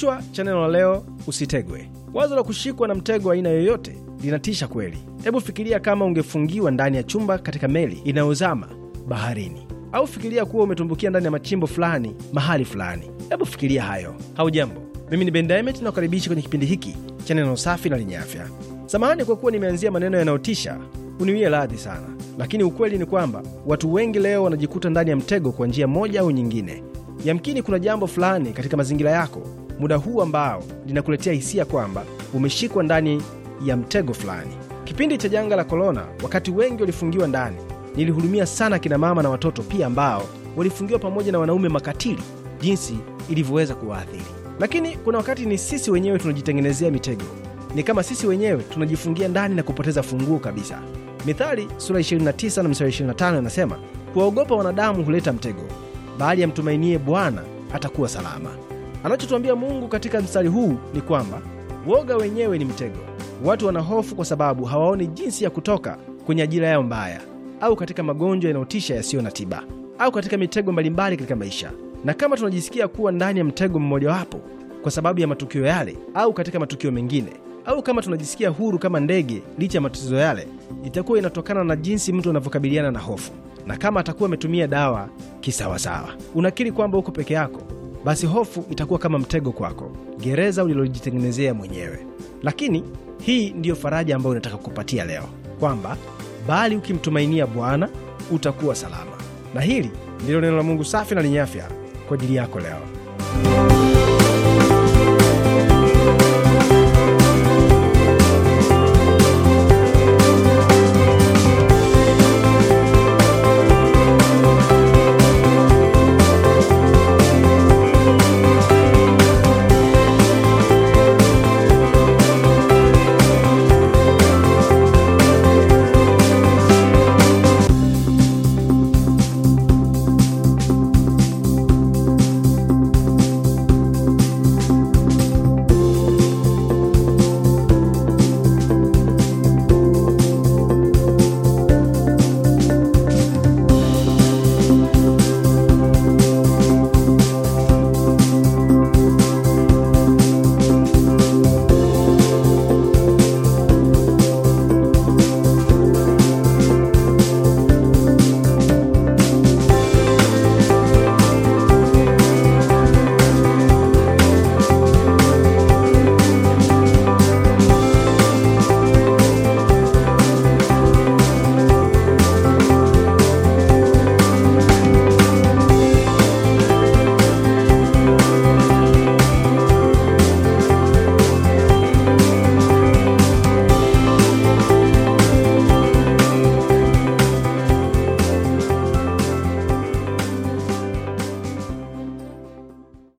Kichwa cha neno la leo, usitegwe. Wazo la kushikwa na mtego wa aina yoyote linatisha kweli. Hebu fikiria kama ungefungiwa ndani ya chumba katika meli inayozama baharini, au fikiria kuwa umetumbukia ndani ya machimbo fulani mahali fulani. Hebu fikiria hayo. Haujambo, mimi ni Ben Dynamite na kwenye kipindi hiki cha neno safi na lenye afya. Samahani kwa kuwa nimeanzia maneno yanayotisha, uniwie radhi sana, lakini ukweli ni kwamba watu wengi leo wanajikuta ndani ya mtego kwa njia moja au nyingine. Yamkini kuna jambo fulani katika mazingira yako muda huu ambao linakuletea hisia kwamba umeshikwa ndani ya mtego fulani. Kipindi cha janga la korona, wakati wengi walifungiwa ndani, nilihurumia sana kina mama na watoto pia ambao walifungiwa pamoja na wanaume makatili, jinsi ilivyoweza kuwaathiri. Lakini kuna wakati ni sisi wenyewe tunajitengenezea mitego, ni kama sisi wenyewe tunajifungia ndani na kupoteza funguo kabisa. Mithali sura 29 na mstari 25 inasema, kuwaogopa wanadamu huleta mtego, bali amtumainie Bwana atakuwa salama. Anachotuambia Mungu katika mstari huu ni kwamba woga wenyewe ni mtego. Watu wana hofu kwa sababu hawaoni jinsi ya kutoka kwenye ajira yao mbaya, au katika magonjwa yanayotisha yasiyo na tiba, au katika mitego mbalimbali katika maisha. Na kama tunajisikia kuwa ndani ya mtego mmojawapo kwa sababu ya matukio yale au katika matukio mengine, au kama tunajisikia huru kama ndege licha ya matatizo yale, itakuwa inatokana na jinsi mtu anavyokabiliana na hofu na kama atakuwa ametumia dawa kisawasawa. Unakiri kwamba uko peke yako basi hofu itakuwa kama mtego kwako, gereza ulilojitengenezea mwenyewe. Lakini hii ndiyo faraja ambayo inataka kupatia leo, kwamba bali ukimtumainia Bwana utakuwa salama. Na hili ndilo neno la Mungu safi na lenye afya kwa ajili yako leo.